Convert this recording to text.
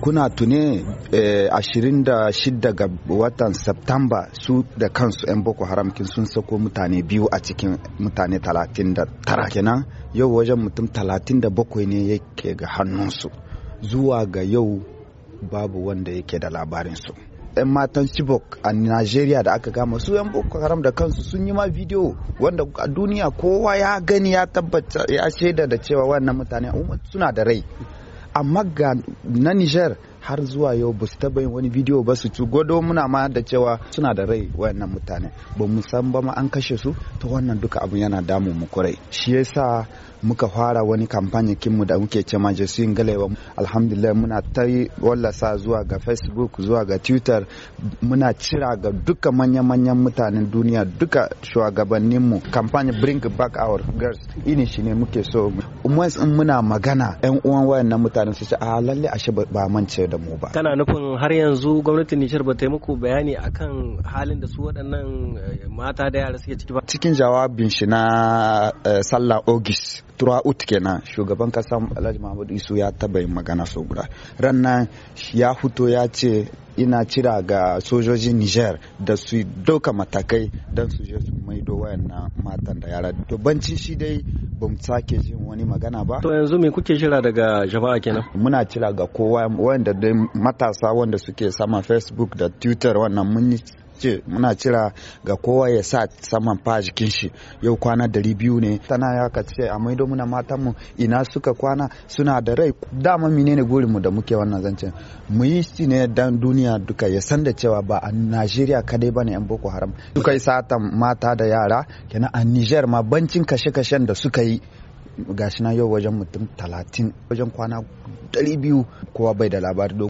kuna tune eh, ashirin da shida ga watan septamba su da kansu 'yan boko haram sun sako mutane biyu a cikin mutane talatin da tara kenan yau wajen mutum talatin da bakwai ne yake ga hannunsu zuwa ga yau babu wanda yake da labarinsu 'yan matan chibok a nigeria da aka gama su 'yan boko haram da kansu sun yi ma bidiyo wanda a duniya kowa ya gani ya tabbata ya shaida da cewa wannan mutane suna da rai amma ga na niger har zuwa yau ba su taba yin wani bidiyo ba su ci gwado muna ma da cewa suna da rai wayannan mutane ba mu san ba ma an kashe su ta wannan duka abu yana damu mu kurai shi yasa muka fara wani kamfani kinmu da muke ce majesuin galewa alhamdulillah muna ta yi wallasa zuwa ga facebook zuwa ga twitter muna cira ga duka manya-manyan mutanen duniya duka shugabanninmu kamfani bring back our girls ini shi ne muke so in muna magana 'yan uwan wayannan mutane su ce a ah, lalle ashe ba mance da mu ba tana nufin har yanzu gwamnatin Nijar ba ta yi muku bayani akan halin da su waɗannan eh, mata da yara suke ciki ba cikin jawabin shi na eh, sallah August Turaut kenan shugaban kasa Alhaji Muhammadu Isu ya taba yin magana so guda rannan ya fito ya ce ina cira ga sojojin niger da su dauka matakai don su je su maido wayannan matan da yara to banci shi dai ba mu sake jin wani magana ba to yanzu me kuke jira daga jama'a kenan muna cira ga kowa wanda dai matasa wanda suke sama facebook da twitter wannan mun ce muna cira ga kowa ya sa saman fa jikin shi yau kwana dari biyu ne tana ya ka ce a maido muna matan mu ina suka kwana suna da rai dama menene gurin mu da muke wannan zancen mu yi shi ne dan duniya duka ya san da cewa ba a Najeriya kadai bane yan Boko Haram duka yi satan mata da yara kenan a Niger ma bancin kashe-kashen da suka yi gashi na yau wajen mutum talatin wajen kwana dari biyu. kowa bai da labari